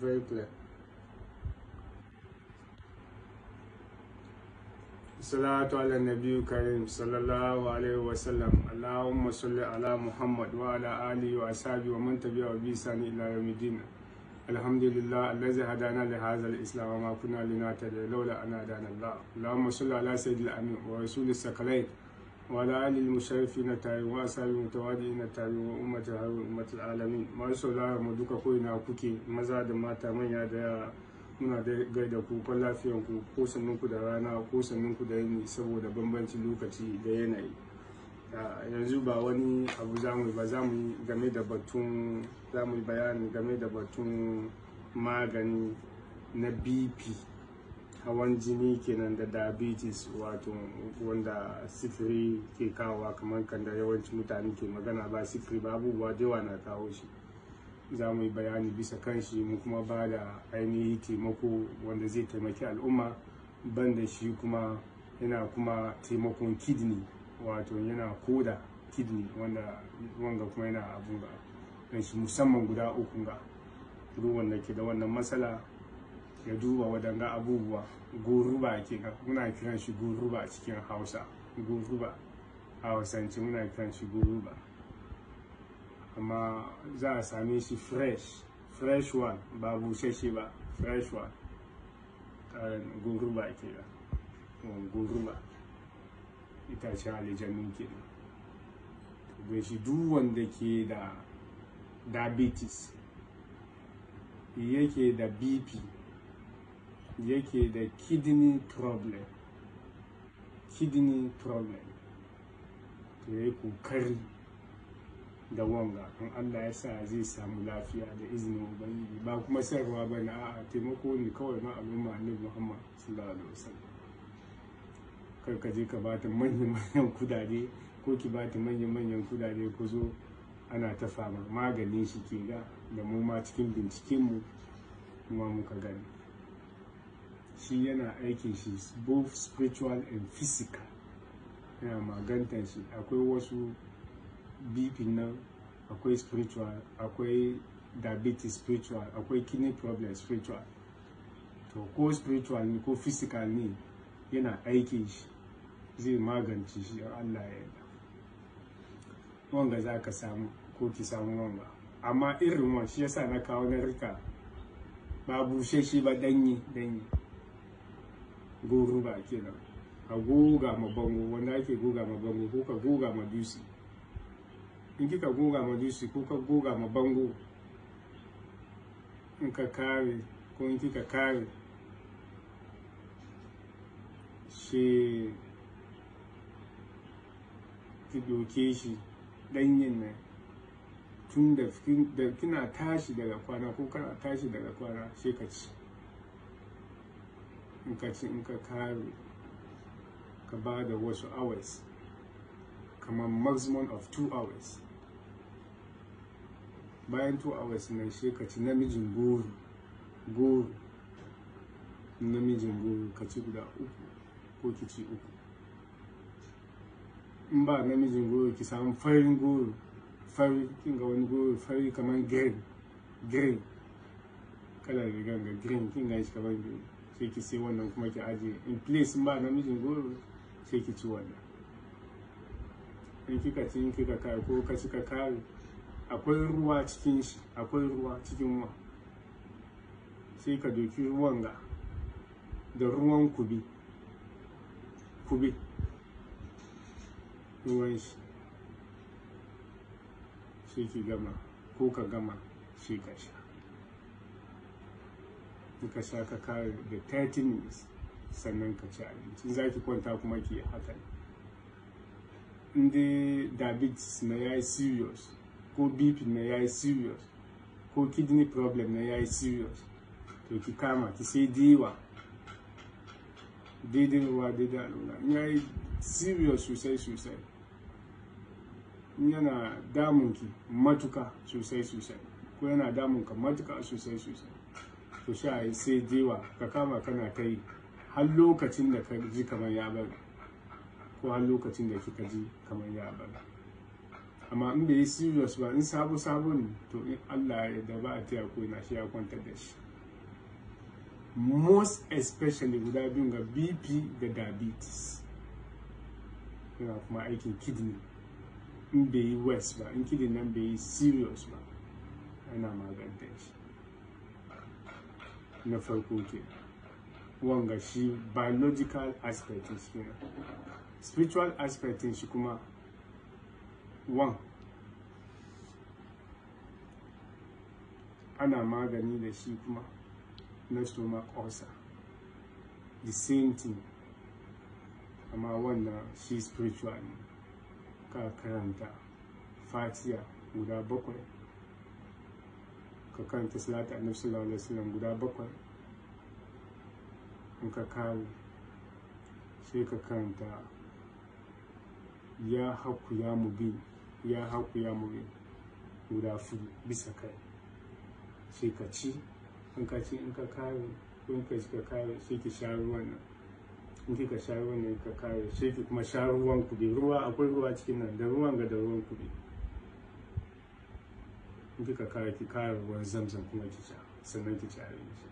Very clear. Salatu ala Nabi Karim sallallahu alaihi wa sallam. Allahumma salli ala Muhammad wa ala alihi wa ashabi wa man tabi'a bi sani ila yawmiddin. Alhamdulillah allazi hadana li hadha al-islam wa ma kunna linahtadiya lawla an hadana Allah. Allahumma salli ala sayyidil amin wa rasulil sakalain. وعلى آل المشرفين tare wa ashabi mutawadi na tare wa ummati har ummati alamin masu saurara mu duka ko ina kuke maza da mata manya da yara muna da gaida ku kwan lafiyan ku ko sannin da rana ko sannin da yini saboda bambanci lokaci da yanayi yanzu ba wani abu za mu ba game da batun bayani game da batun magani na bp hawan jini kenan da diabetes wato wanda sifiri ke kawowa kamar kan da yawancin mutane ke magana ba sifiri ba abubuwa da yawa na kawo shi za mu yi bayani bisa kan shi mu kuma ba da ainihi taimako wanda zai taimaki al'umma ban da shi kuma yana kuma taimakon kidney wato yana koda kidney wanda wanga kuma yana abun ga musamman guda uku ga ruwan wanda ke da wannan matsala ya duba wadanga abubuwa goruba kenan muna kiran shi goruba cikin hausa goruba a hausance muna kiran shi goruba amma za a same shi fresh fresh one ba busasshe ba fresh one goruba kenan goruba itacen alijanu kenan bai shi wanda ke da diabetes yake da bp yake da kidney problem kidney problem to ya yi kokari da wanga in allah ya sa zai samu lafiya da izinin ubangiji ba kuma sarwa ba na a taimako ne kawai ma al'umma annabi muhammad sallallahu alaihi wasallam kar ka je ka bata manya-manyan kudade ko ki bata manya-manyan kudade ku zo ana ta fama maganin shi ke ga da mu ma cikin binciken mu kuma muka gani shi yana aikin shi both spiritual and physical yana maganta shi akwai wasu bipin nan akwai spiritual akwai diabetes spiritual akwai kidney problem spiritual to ko spiritual ne ko physical ne yana aikin shi zai magance shi allah ya yi wanga za ka samu ko ki samu wanga amma irin wa shi yasa na kawo na rika ba bushe shi ba danyi danyi Goro goruba kenan a goga ma bango wanda ake goga ma bango ko ka goga ma dusi in kika goga ma dusi ko ka goga ma bango in ka kare ko in kika kare shi ki doke shi danyen nan tun da kina tashi daga kwana ko kana tashi daga kwana sai ka ci in ka ci in ka kare ka ba da wasu hours kamar maximum of two hours bayan two hours nan sai ka ci namijin goro goro namijin goro ka ci guda uku ko ki ci uku in ba namijin goro ki samu farin goro fari kin ga wani goro fari kamar green green kalar rigar ga green kin ga shi kamar green sai ki sai wannan kuma ki aje in place ba namijin goro sai ki ci wannan in kika ci in kika kare ko ka ci ka kare akwai ruwa cikin shi akwai ruwa cikin wa sai ka doki ruwan ga da ruwan kubi kubi ruwan shi sai ki gama ko ka gama sai ka sha muka sha ka kare da 30 minutes sannan ka ci abinci za ki kwanta kuma ki haka inda David na ya yi serious ko bp na ya yi serious ko kidney problem na ya yi serious to ki kama ki sai diwa daidai ruwa daidai alula ya yi serious sosai sosai yana damunki matuka sosai sosai ko yana damunka matuka sosai sosai to sha yi sai jewa ka kama kana ta yi har lokacin da ka ji kamar ya bari ko har lokacin da kika ji kamar ya bari amma in bai yi serious ba in sabo sabo ne to in Allah ya da ba a taya ko ina shi ya kwanta da shi most especially guda biyun ga bp da diabetes yana kuma aikin kidney in bai yi west ba in kidney nan bai yi serious ba ana maganta shi na farko ke wanga shi biological aspect shi kenan spiritual aspect shi kuma wan ana magani da shi kuma na stomach ulcer the same thing amma wannan shi spiritual ne ka karanta fatiya guda bakwai ka karanta salatu annabi sallallahu alaihi wasallam guda bakwai in ka kawo sai ka karanta ya haku ya mubi ya haku ya mubi guda fi bisa kai sai ka ci in ka ci in ka kawo in ka ci ka kawo sai ki sha ruwan nan in kika sha ruwan nan ka kawo sai ki kuma sha ruwan kuɗi ruwa akwai ruwa cikin nan da ruwan ga da ruwan kuɗi in kika kare ki kare ruwan zamzam kuma ki sha sannan ki ci abinci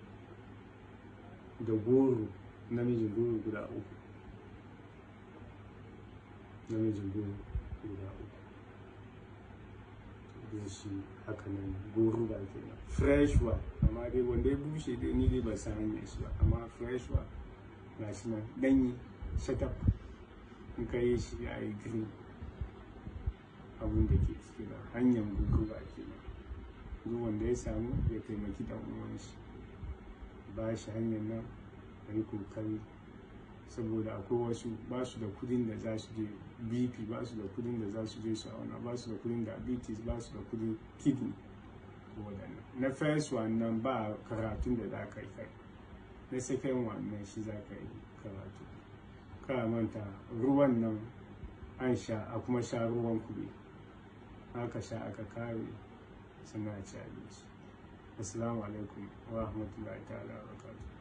da goro namijin goro guda uku namijin goro guda uku bin shi haka nan goro ba ke nan fresh wa amma dai wanda ya bushe dai ni dai ba san hanyar shi ba amma fresh wa ga shi nan danyi setup in ka yi shi ya yi green abin da ke cikin hanyar goro ba ke nan ruwan da ya samu ya taimaki dan uwanshi ba shi hanyar nan a yi kokari saboda akwai wasu ba su da kudin da za su je bp ba su da kudin da za su je sha'auna ba su da kudin diabetes ba su da kudin kidney waɗannan na first wannan ba karatun da za ka yi kai na second wannan shi za ka yi karatu ka manta ruwan nan an sha a kuma sha ruwan kuɗi aka sha aka kare sannan a ci abinci assalamu alaikum wa rahmatullahi ta'ala wa barakatuh